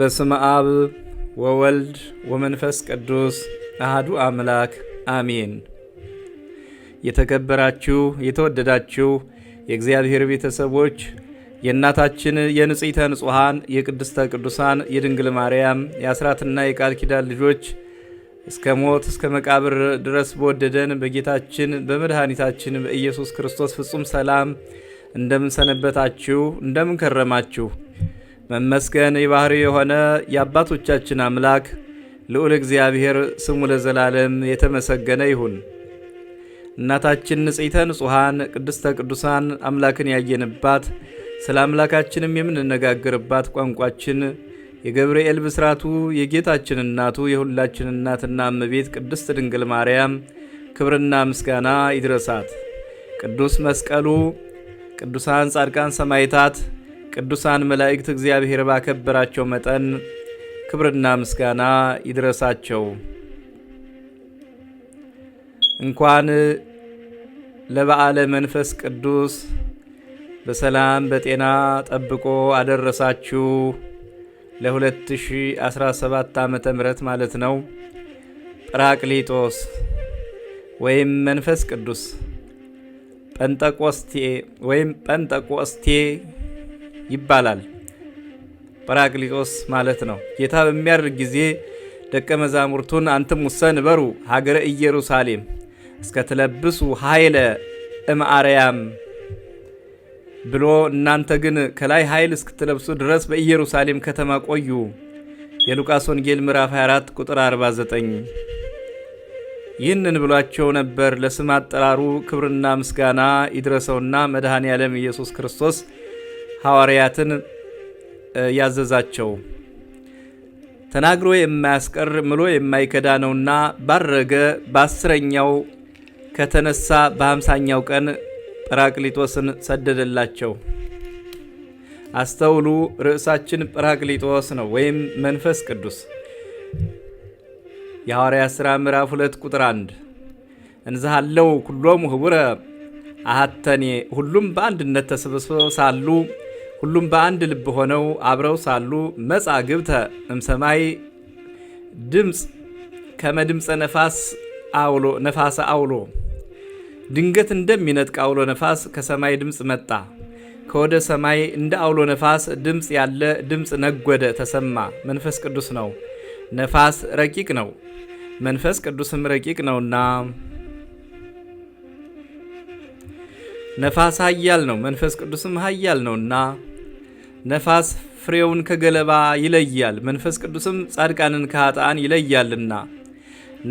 በስመ አብ ወወልድ ወመንፈስ ቅዱስ አህዱ አምላክ አሜን። የተከበራችሁ የተወደዳችሁ የእግዚአብሔር ቤተሰቦች የእናታችን የንጽሕተ ንጹሐን የቅድስተ ቅዱሳን የድንግል ማርያም የአስራትና የቃል ኪዳን ልጆች እስከ ሞት እስከ መቃብር ድረስ በወደደን በጌታችን በመድኃኒታችን በኢየሱስ ክርስቶስ ፍጹም ሰላም እንደምንሰነበታችሁ እንደምንከረማችሁ መመስገን የባህሪ የሆነ የአባቶቻችን አምላክ ልዑል እግዚአብሔር ስሙ ለዘላለም የተመሰገነ ይሁን። እናታችን ንጽሕተ ንጹሐን ቅድስተ ቅዱሳን አምላክን ያየንባት ስለ አምላካችንም የምንነጋገርባት ቋንቋችን የገብርኤል ብስራቱ የጌታችን እናቱ የሁላችን እናትና እመቤት ቅድስት ድንግል ማርያም ክብርና ምስጋና ይድረሳት። ቅዱስ መስቀሉ፣ ቅዱሳን ጻድቃን ሰማይታት ቅዱሳን መላእክት እግዚአብሔር ባከበራቸው መጠን ክብርና ምስጋና ይድረሳቸው። እንኳን ለበዓለ መንፈስ ቅዱስ በሰላም በጤና ጠብቆ አደረሳችሁ ለ2017 ዓ ም ማለት ነው። ጰራቅሊጦስ ወይም መንፈስ ቅዱስ ጰንጠቆስቴ ወይም ጰንጠቆስቴ ይባላል። ጰራቅሊጦስ ማለት ነው። ጌታ በሚያርግ ጊዜ ደቀ መዛሙርቱን አንትም ውሰን በሩ ሀገረ ኢየሩሳሌም እስከ ትለብሱ ኃይለ እምአርያም ብሎ እናንተ ግን ከላይ ኃይል እስክትለብሱ ድረስ በኢየሩሳሌም ከተማ ቆዩ። የሉቃስ ወንጌል ምዕራፍ 24 ቁጥር 49። ይህንን ብሏቸው ነበር። ለስም አጠራሩ ክብርና ምስጋና ይድረሰውና መድኃኔ ዓለም ኢየሱስ ክርስቶስ ሐዋርያትን ያዘዛቸው ተናግሮ የማያስቀር ምሎ የማይከዳ ነውና ባረገ በአስረኛው ከተነሳ በሀምሳኛው ቀን ጰራቅሊጦስን ሰደደላቸው። አስተውሉ፣ ርዕሳችን ጰራቅሊጦስ ነው ወይም መንፈስ ቅዱስ። የሐዋርያ ሥራ ምዕራፍ 2 ቁጥር 1 እንዛሃለው ኩሎሙ ህቡረ አሃተኔ፣ ሁሉም በአንድነት ተሰብስበው ሳሉ ሁሉም በአንድ ልብ ሆነው አብረው ሳሉ መጻ ግብተ እምሰማይ ድምፅ ከመድምፀ ነፋስ አውሎ ነፋሰ አውሎ ድንገት እንደሚነጥቅ አውሎ ነፋስ ከሰማይ ድምፅ መጣ። ከወደ ሰማይ እንደ አውሎ ነፋስ ድምፅ ያለ ድምፅ ነጎደ ተሰማ። መንፈስ ቅዱስ ነው። ነፋስ ረቂቅ ነው፣ መንፈስ ቅዱስም ረቂቅ ነውና ነፋስ ኃያል ነው፣ መንፈስ ቅዱስም ኃያል ነውና ነፋስ ፍሬውን ከገለባ ይለያል፣ መንፈስ ቅዱስም ጻድቃንን ከኃጥአን ይለያልና።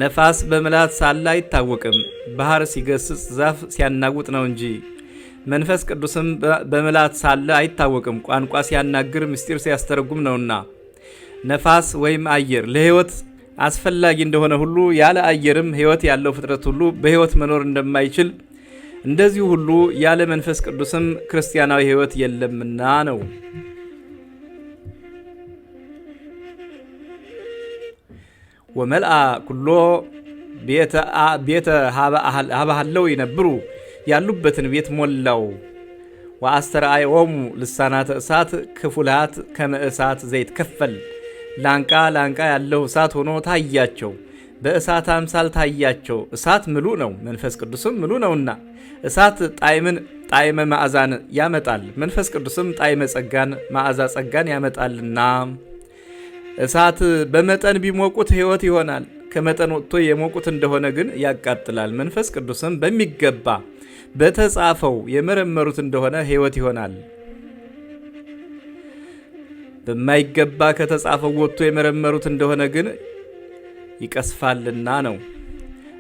ነፋስ በምልአት ሳለ አይታወቅም፣ ባህር ሲገስጽ ዛፍ ሲያናውጥ ነው እንጂ። መንፈስ ቅዱስም በምላት ሳለ አይታወቅም፣ ቋንቋ ሲያናግር ምስጢር ሲያስተረጉም ነውና። ነፋስ ወይም አየር ለሕይወት አስፈላጊ እንደሆነ ሁሉ ያለ አየርም ሕይወት ያለው ፍጥረት ሁሉ በሕይወት መኖር እንደማይችል እንደዚሁ ሁሉ ያለ መንፈስ ቅዱስም ክርስቲያናዊ ሕይወት የለምና ነው። ወመልአ ኩሎ ቤተ ሀባሃለው ይነብሩ ያሉበትን ቤት ሞላው። ወአስተርአዮሙ ልሳናተ እሳት ክፉላት ከመእሳት ከፈል ላንቃ ላንቃ ያለው እሳት ሆኖ ታያቸው። በእሳት አምሳል ታያቸው። እሳት ምሉ ነው፣ መንፈስ ቅዱስም ምሉ ነውና እሳት ጣዕምን ጣዕመ ማዕዛን ያመጣል፣ መንፈስ ቅዱስም ጣዕመ ጸጋን ማዕዛ ጸጋን ያመጣልና እሳት በመጠን ቢሞቁት ሕይወት ይሆናል። ከመጠን ወጥቶ የሞቁት እንደሆነ ግን ያቃጥላል። መንፈስ ቅዱስም በሚገባ በተጻፈው የመረመሩት እንደሆነ ሕይወት ይሆናል። በማይገባ ከተጻፈው ወጥቶ የመረመሩት እንደሆነ ግን ይቀስፋልና ነው።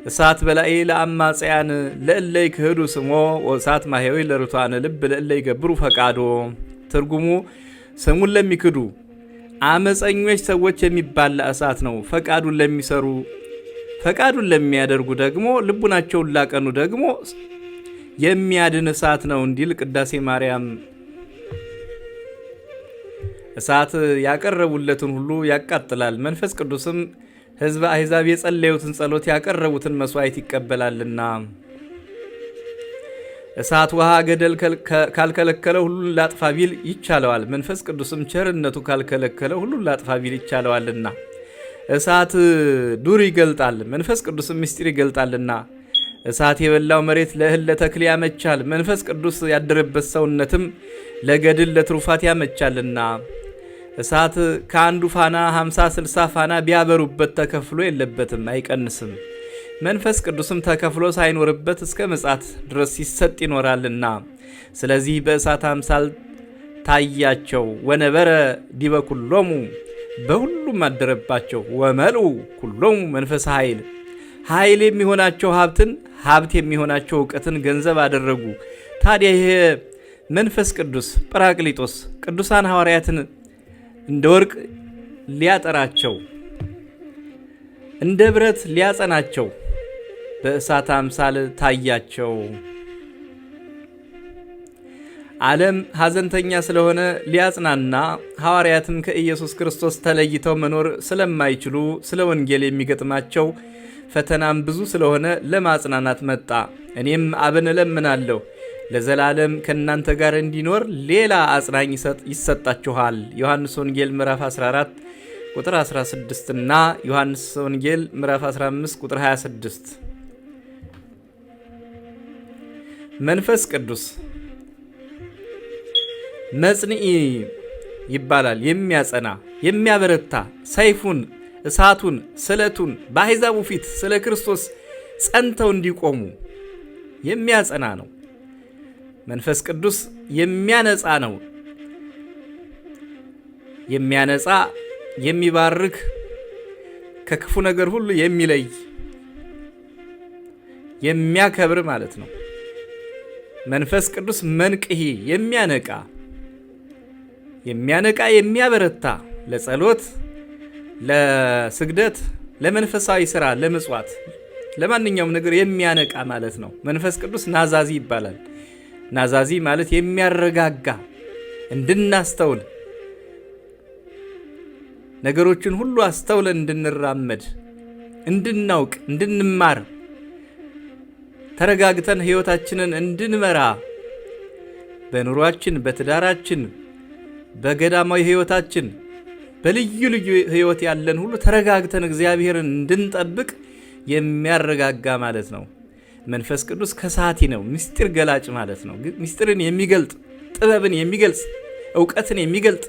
እሳት በላይ ለአማጽያን ለእለይ ክህዱ ስሞ ወእሳት ማሄዊ ለርቷን ልብ ለእለይ ገብሩ ፈቃዶ። ትርጉሙ ስሙን ለሚክዱ አመፀኞች ሰዎች የሚባላ እሳት ነው። ፈቃዱን ለሚሰሩ ፈቃዱን ለሚያደርጉ ደግሞ ልቡናቸውን ላቀኑ ደግሞ የሚያድን እሳት ነው እንዲል ቅዳሴ ማርያም። እሳት ያቀረቡለትን ሁሉ ያቃጥላል። መንፈስ ቅዱስም ሕዝበ አሕዛብ የጸለዩትን ጸሎት ያቀረቡትን መሥዋዕት ይቀበላልና እሳት ውሃ ገደል ካልከለከለ ሁሉን ላጥፋ ቢል ይቻለዋል። መንፈስ ቅዱስም ቸርነቱ ካልከለከለ ሁሉን ላጥፋ ቢል ይቻለዋልና እሳት ዱር ይገልጣል፣ መንፈስ ቅዱስም ምስጢር ይገልጣልና እሳት የበላው መሬት ለእህል ለተክል ያመቻል፣ መንፈስ ቅዱስ ያደረበት ሰውነትም ለገድል ለትሩፋት ያመቻልና እሳት ከአንዱ ፋና 50 60 ፋና ቢያበሩበት ተከፍሎ የለበትም፣ አይቀንስም። መንፈስ ቅዱስም ተከፍሎ ሳይኖርበት እስከ ምጽአት ድረስ ይሰጥ ይኖራልና ስለዚህ በእሳት አምሳል ታያቸው። ወነበረ ዲበ ኩሎሙ በሁሉም አደረባቸው። ወመልኡ ኩሎሙ መንፈስ ኃይል ኃይል የሚሆናቸው ሀብትን ሀብት የሚሆናቸው እውቀትን ገንዘብ አደረጉ። ታዲያ ይሄ መንፈስ ቅዱስ ጰራቅሊጦስ ቅዱሳን ሐዋርያትን እንደ ወርቅ ሊያጠራቸው እንደ ብረት ሊያጸናቸው በእሳት አምሳል ታያቸው። ዓለም ሐዘንተኛ ስለሆነ ሊያጽናና ሐዋርያትም ከኢየሱስ ክርስቶስ ተለይተው መኖር ስለማይችሉ ስለ ወንጌል የሚገጥማቸው ፈተናም ብዙ ስለሆነ ለማጽናናት መጣ። እኔም አብን እለምናለሁ ለዘላለም ከእናንተ ጋር እንዲኖር ሌላ አጽናኝ ይሰጣችኋል። ዮሐንስ ወንጌል ምዕራፍ 14 ቁጥር 16 እና ዮሐንስ ወንጌል ምዕራፍ 15 ቁጥር 26። መንፈስ ቅዱስ መጽንዒ ይባላል። የሚያጸና የሚያበረታ ሰይፉን፣ እሳቱን፣ ስለቱን በአሕዛቡ ፊት ስለ ክርስቶስ ጸንተው እንዲቆሙ የሚያጸና ነው። መንፈስ ቅዱስ የሚያነጻ ነው። የሚያነጻ የሚባርክ፣ ከክፉ ነገር ሁሉ የሚለይ የሚያከብር ማለት ነው። መንፈስ ቅዱስ መንቅሂ የሚያነቃ የሚያነቃ የሚያበረታ ለጸሎት፣ ለስግደት፣ ለመንፈሳዊ ስራ፣ ለመጽዋት፣ ለማንኛውም ነገር የሚያነቃ ማለት ነው። መንፈስ ቅዱስ ናዛዚ ይባላል። ናዛዚ ማለት የሚያረጋጋ እንድናስተውል ነገሮችን ሁሉ አስተውለን እንድንራመድ እንድናውቅ እንድንማር ተረጋግተን ሕይወታችንን እንድንመራ በኑሯችን፣ በትዳራችን፣ በገዳማዊ ሕይወታችን፣ በልዩ ልዩ ሕይወት ያለን ሁሉ ተረጋግተን እግዚአብሔርን እንድንጠብቅ የሚያረጋጋ ማለት ነው። መንፈስ ቅዱስ ከሳቲ ነው፣ ምስጢር ገላጭ ማለት ነው። ምስጢርን የሚገልጥ ጥበብን የሚገልጽ እውቀትን የሚገልጥ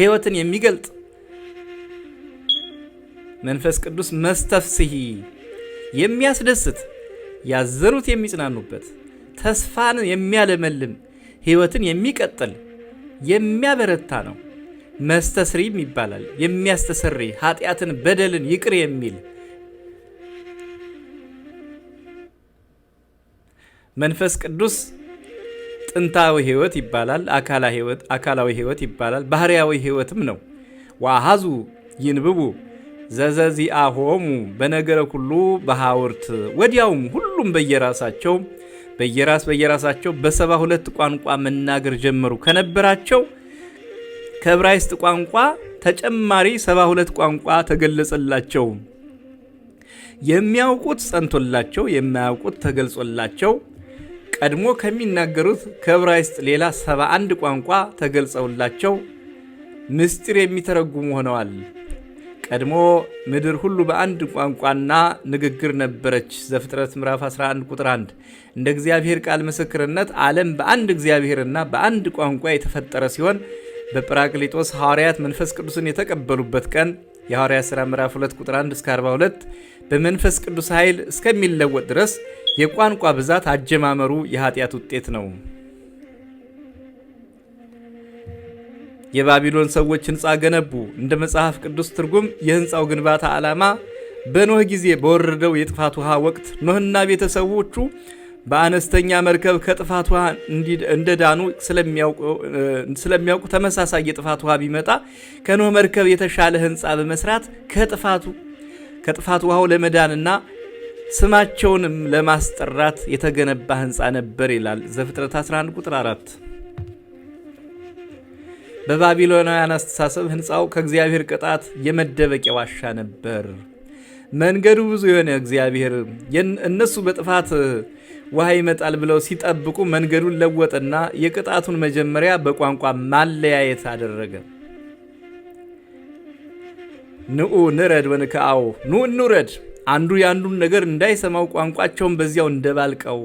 ህይወትን የሚገልጥ መንፈስ ቅዱስ መስተፍስሂ የሚያስደስት ያዘኑት የሚጽናኑበት ተስፋን የሚያለመልም ህይወትን የሚቀጥል የሚያበረታ ነው። መስተስሪም ይባላል። የሚያስተሰሪ ኃጢአትን፣ በደልን ይቅር የሚል መንፈስ ቅዱስ ጥንታዊ ህይወት ይባላል፣ አካላዊ ህይወት ይባላል፣ ባህርያዊ ህይወትም ነው። ዋሃዙ ይንብቡ ዘዘዚአሆሙ በነገረ ሁሉ በሐውርት ወዲያውም ሁሉም በየራሳቸው በየራስ በየራሳቸው በሰባ ሁለት ቋንቋ መናገር ጀመሩ። ከነበራቸው ከዕብራይስጥ ቋንቋ ተጨማሪ ሰባ ሁለት ቋንቋ ተገለጸላቸው። የሚያውቁት ጸንቶላቸው፣ የማያውቁት ተገልጾላቸው ቀድሞ ከሚናገሩት ከዕብራይስጥ ሌላ 71 ቋንቋ ተገልጸውላቸው ምስጢር የሚተረጉሙ ሆነዋል። ቀድሞ ምድር ሁሉ በአንድ ቋንቋና ንግግር ነበረች። ዘፍጥረት ምዕራፍ 11 ቁጥር 1 እንደ እግዚአብሔር ቃል ምስክርነት ዓለም በአንድ እግዚአብሔርና በአንድ ቋንቋ የተፈጠረ ሲሆን በጵራቅሊጦስ ሐዋርያት መንፈስ ቅዱስን የተቀበሉበት ቀን የሐዋርያ ሥራ ምዕራፍ 2 ቁጥር 1 እስከ 42 በመንፈስ ቅዱስ ኃይል እስከሚለወጥ ድረስ የቋንቋ ብዛት አጀማመሩ የኃጢአት ውጤት ነው። የባቢሎን ሰዎች ሕንፃ ገነቡ። እንደ መጽሐፍ ቅዱስ ትርጉም የሕንፃው ግንባታ ዓላማ በኖህ ጊዜ በወረደው የጥፋት ውሃ ወቅት ኖህና ቤተሰቦቹ በአነስተኛ መርከብ ከጥፋት ውሃ እንደዳኑ ስለሚያውቁ ተመሳሳይ የጥፋት ውሃ ቢመጣ ከኖህ መርከብ የተሻለ ሕንፃ በመስራት ከጥፋቱ ከጥፋት ውሃው ለመዳንና ስማቸውንም ለማስጠራት የተገነባ ህንፃ ነበር ይላል ዘፍጥረት 11 ቁጥር 4። በባቢሎናውያን አስተሳሰብ ህንፃው ከእግዚአብሔር ቅጣት የመደበቂያ ዋሻ ነበር። መንገዱ ብዙ የሆነ እግዚአብሔር እነሱ በጥፋት ውሃ ይመጣል ብለው ሲጠብቁ መንገዱን ለወጠና የቅጣቱን መጀመሪያ በቋንቋ ማለያየት አደረገ። ንዑ ንረድ ወንከአው ኑ እንውረድ አንዱ የአንዱን ነገር እንዳይሰማው ቋንቋቸውን በዚያው እንደባልቀው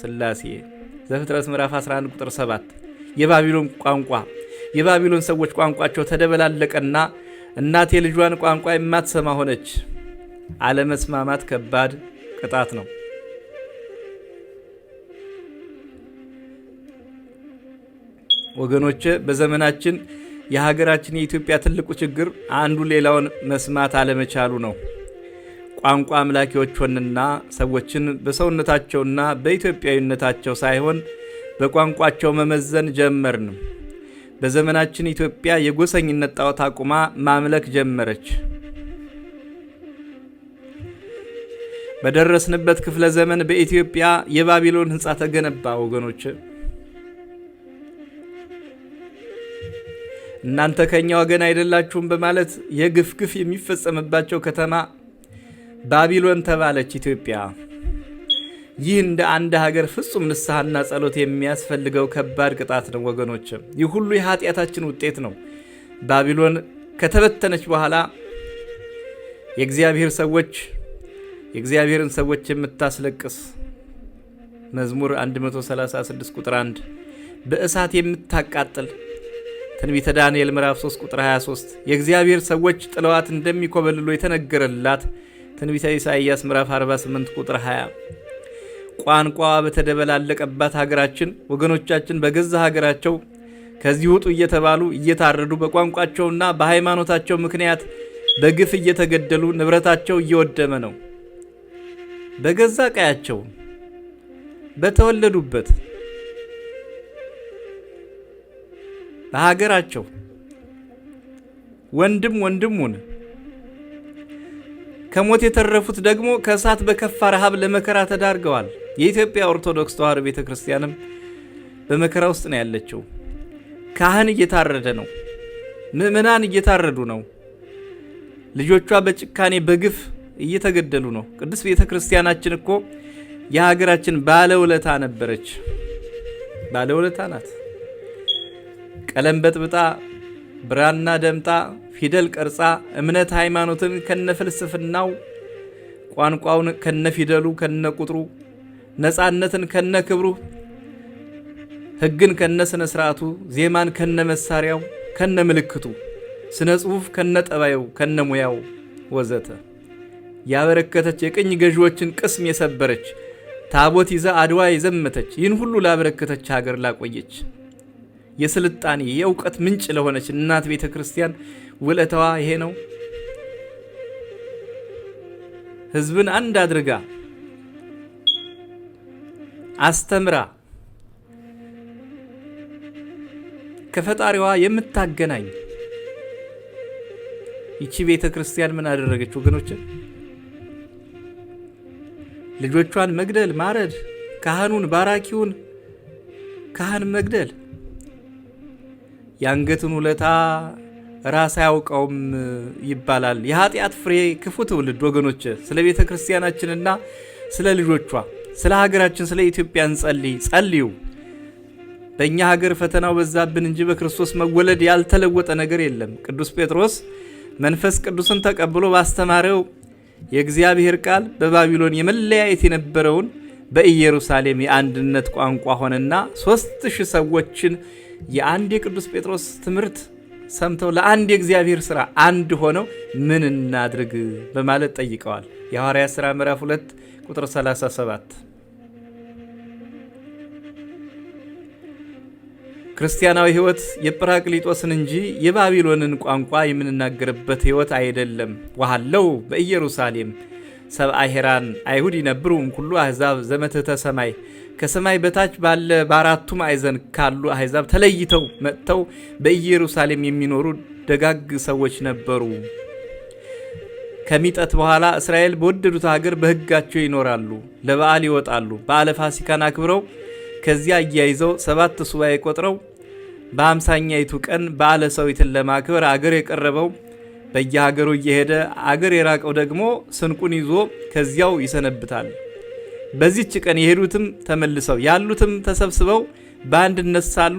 ስላሴ ዘፍጥረት ምዕራፍ 11 ቁጥር 7 የባቢሎን ቋንቋ የባቢሎን ሰዎች ቋንቋቸው ተደበላለቀና እናት የልጇን ቋንቋ የማትሰማ ሆነች። አለመስማማት ከባድ ቅጣት ነው። ወገኖች፣ በዘመናችን የሀገራችን የኢትዮጵያ ትልቁ ችግር አንዱ ሌላውን መስማት አለመቻሉ ነው። ቋንቋ አምላኪዎች ሆንና ሰዎችን በሰውነታቸውና በኢትዮጵያዊነታቸው ሳይሆን በቋንቋቸው መመዘን ጀመርን። በዘመናችን ኢትዮጵያ የጎሰኝነት ጣዖት አቁማ ማምለክ ጀመረች። በደረስንበት ክፍለ ዘመን በኢትዮጵያ የባቢሎን ሕንፃ ተገነባ። ወገኖች እናንተ ከኛ ወገን አይደላችሁም በማለት የግፍ ግፍ የሚፈጸምባቸው ከተማ ባቢሎን ተባለች ኢትዮጵያ። ይህ እንደ አንድ ሀገር ፍጹም ንስሐና ጸሎት የሚያስፈልገው ከባድ ቅጣት ነው ወገኖች። ይህ ሁሉ የኃጢአታችን ውጤት ነው። ባቢሎን ከተበተነች በኋላ የእግዚአብሔር ሰዎች የእግዚአብሔርን ሰዎች የምታስለቅስ መዝሙር 136 ቁጥር 1 በእሳት የምታቃጥል ትንቢተ ዳንኤል ምዕራፍ 3 ቁጥር 23 የእግዚአብሔር ሰዎች ጥለዋት እንደሚኮበልሎ የተነገረላት ትንቢተ ኢሳይያስ ምዕራፍ 48 ቁጥር 20። ቋንቋ በተደበላለቀባት ሀገራችን ወገኖቻችን በገዛ ሀገራቸው ከዚህ ውጡ እየተባሉ እየታረዱ በቋንቋቸውና በሃይማኖታቸው ምክንያት በግፍ እየተገደሉ ንብረታቸው እየወደመ ነው። በገዛ ቀያቸው በተወለዱበት በሀገራቸው ወንድም ወንድሙን ከሞት የተረፉት ደግሞ ከእሳት በከፋ ረሃብ ለመከራ ተዳርገዋል። የኢትዮጵያ ኦርቶዶክስ ተዋሕዶ ቤተ ክርስቲያንም በመከራ ውስጥ ነው ያለችው። ካህን እየታረደ ነው። ምእመናን እየታረዱ ነው። ልጆቿ በጭካኔ በግፍ እየተገደሉ ነው። ቅድስት ቤተ ክርስቲያናችን እኮ የሀገራችን ባለውለታ ነበረች። ባለውለታ ናት። ቀለም በጥብጣ ብራና ደምጣ ፊደል ቀርጻ እምነት ሃይማኖትን ከነ ፍልስፍናው ቋንቋውን ከነ ፊደሉ ከነ ቁጥሩ ነፃነትን ከነ ክብሩ ሕግን ከነ ስነ ስርዓቱ ዜማን ከነ መሳሪያው ከነ ምልክቱ ስነ ጽሁፍ ከነ ጠባዩ ከነ ሙያው ወዘተ ያበረከተች የቅኝ ገዢዎችን ቅስም የሰበረች ታቦት ይዛ አድዋ የዘመተች ይህን ሁሉ ላበረከተች ሀገር ላቆየች የስልጣኔ የእውቀት ምንጭ ለሆነች እናት ቤተ ክርስቲያን ውለታዋ ይሄ ነው። ህዝብን አንድ አድርጋ አስተምራ ከፈጣሪዋ የምታገናኝ ይቺ ቤተ ክርስቲያን ምን አደረገች ወገኖችን? ልጆቿን መግደል፣ ማረድ፣ ካህኑን ባራኪውን ካህን መግደል የአንገትን ውለታ ራስ አያውቀውም ይባላል። የኃጢአት ፍሬ ክፉ ትውልድ። ወገኖች ስለ ቤተ ክርስቲያናችንና ስለ ልጆቿ፣ ስለ ሀገራችን፣ ስለ ኢትዮጵያ እንጸልይ፣ ጸልዩ። በእኛ ሀገር ፈተናው በዛብን እንጂ በክርስቶስ መወለድ ያልተለወጠ ነገር የለም። ቅዱስ ጴጥሮስ መንፈስ ቅዱስን ተቀብሎ ባስተማረው የእግዚአብሔር ቃል በባቢሎን የመለያየት የነበረውን በኢየሩሳሌም የአንድነት ቋንቋ ሆነና ሶስት ሺህ ሰዎችን የአንድ የቅዱስ ጴጥሮስ ትምህርት ሰምተው ለአንድ የእግዚአብሔር ሥራ አንድ ሆነው ምን እናድርግ በማለት ጠይቀዋል። የሐዋርያ ሥራ ምዕራፍ 2 ቁጥር 37 ክርስቲያናዊ ሕይወት የጵራቅሊጦስን እንጂ የባቢሎንን ቋንቋ የምንናገርበት ሕይወት አይደለም። ወሃለው በኢየሩሳሌም ሰብአ ሄራን አይሁድ ይነብሩ እምኩሉ አሕዛብ ዘመትሕተ ሰማይ ከሰማይ በታች ባለ በአራቱ ማዕዘን ካሉ አሕዛብ ተለይተው መጥተው በኢየሩሳሌም የሚኖሩ ደጋግ ሰዎች ነበሩ። ከሚጠት በኋላ እስራኤል በወደዱት ሀገር በሕጋቸው ይኖራሉ። ለበዓል ይወጣሉ። በዓለ ፋሲካን አክብረው ከዚያ አያይዘው ሰባት ሱባኤ ቆጥረው በአምሳኛይቱ ቀን በዓለ ሰዊትን ለማክበር አገር የቀረበው በየሀገሩ እየሄደ አገር የራቀው ደግሞ ስንቁን ይዞ ከዚያው ይሰነብታል። በዚህች ቀን የሄዱትም ተመልሰው ያሉትም ተሰብስበው በአንድነት ሳሉ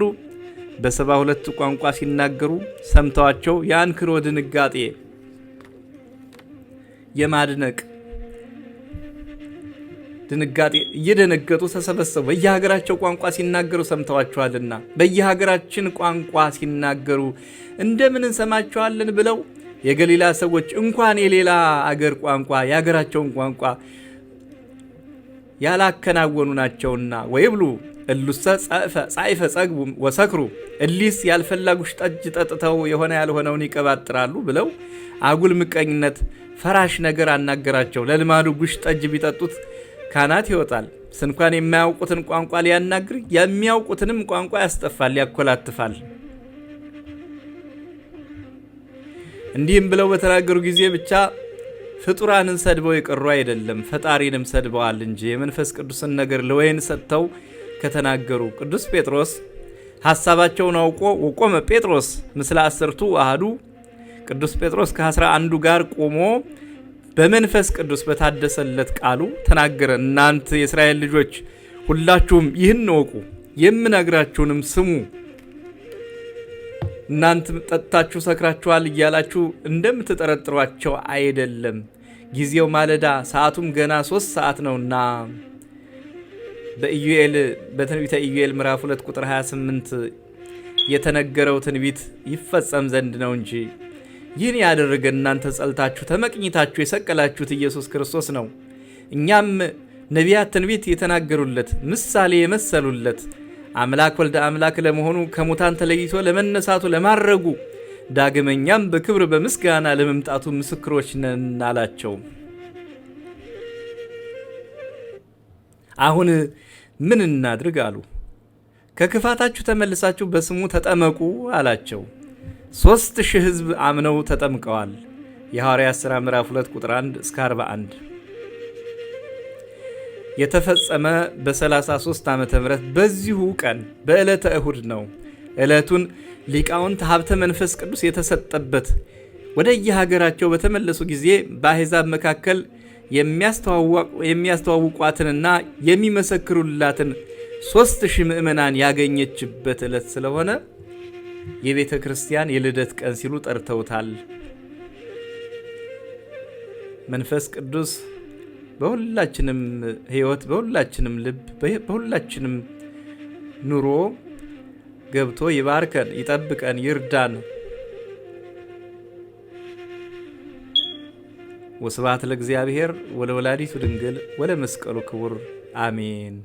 በሰባ ሁለት ቋንቋ ሲናገሩ ሰምተዋቸው የአንክሮ ድንጋጤ የማድነቅ ድንጋጤ እየደነገጡ ተሰበሰቡ። በየሀገራቸው ቋንቋ ሲናገሩ ሰምተዋቸዋልና በየሀገራችን ቋንቋ ሲናገሩ እንደምን እንሰማቸዋለን ብለው የገሊላ ሰዎች እንኳን የሌላ አገር ቋንቋ የሀገራቸውን ቋንቋ ያላከናወኑ ናቸውና ወይብሉ እሉሰ ጻይፈ ጸግቡ ወሰክሩ እሊስ ያልፈላጉሽ ጠጅ ጠጥተው የሆነ ያልሆነውን ይቀባጥራሉ ብለው አጉል ምቀኝነት ፈራሽ ነገር አናገራቸው። ለልማዱ ጉሽ ጠጅ ቢጠጡት ካናት ይወጣል። ስንኳን የማያውቁትን ቋንቋ ሊያናግር የሚያውቁትንም ቋንቋ ያስጠፋል፣ ያኮላትፋል። እንዲህም ብለው በተናገሩ ጊዜ ብቻ ፍጡራንን ሰድበው የቀሩ አይደለም፣ ፈጣሪንም ሰድበዋል እንጂ የመንፈስ ቅዱስን ነገር ለወይን ሰጥተው ከተናገሩ ቅዱስ ጴጥሮስ ሐሳባቸውን አውቆ ወቆመ ጴጥሮስ ምስለ አስርቱ አህዱ ቅዱስ ጴጥሮስ ከአስራ አንዱ ጋር ቆሞ በመንፈስ ቅዱስ በታደሰለት ቃሉ ተናገረ። እናንት የእስራኤል ልጆች ሁላችሁም ይህን እወቁ፣ የምነግራችሁንም ስሙ እናንተ ጠጥታችሁ ሰክራችኋል እያላችሁ እንደምትጠረጥሯቸው አይደለም። ጊዜው ማለዳ ሰዓቱም ገና ሶስት ሰዓት ነውና በኢዩኤል በትንቢተ ኢዩኤል ምዕራፍ 2 ቁጥር 28 የተነገረው ትንቢት ይፈጸም ዘንድ ነው እንጂ ይህን ያደረገ እናንተ ጸልታችሁ ተመቅኝታችሁ የሰቀላችሁት ኢየሱስ ክርስቶስ ነው። እኛም ነቢያት ትንቢት የተናገሩለት ምሳሌ የመሰሉለት አምላክ ወልደ አምላክ ለመሆኑ ከሙታን ተለይቶ ለመነሳቱ ለማረጉ ዳግመኛም በክብር በምስጋና ለመምጣቱ ምስክሮች ነን አላቸው። አሁን ምን እናድርግ አሉ። ከክፋታችሁ ተመልሳችሁ በስሙ ተጠመቁ አላቸው። ሦስት ሺህ ሕዝብ አምነው ተጠምቀዋል። የሐዋርያት ሥራ ምዕራፍ 2 ቁጥር 1 እስከ 41 የተፈጸመ በ33 ዓ ም በዚሁ ቀን በዕለተ እሁድ ነው። ዕለቱን ሊቃውንት ሀብተ መንፈስ ቅዱስ የተሰጠበት ወደ የሀገራቸው በተመለሱ ጊዜ በአሕዛብ መካከል የሚያስተዋውቋትንና የሚመሰክሩላትን ሦስት ሺህ ምዕመናን ያገኘችበት ዕለት ስለሆነ የቤተ ክርስቲያን የልደት ቀን ሲሉ ጠርተውታል። መንፈስ ቅዱስ በሁላችንም ህይወት በሁላችንም ልብ በሁላችንም ኑሮ ገብቶ ይባርከን፣ ይጠብቀን፣ ይርዳን። ወስብሐት ለእግዚአብሔር ወለወላዲቱ ድንግል ወለመስቀሉ ክቡር አሜን።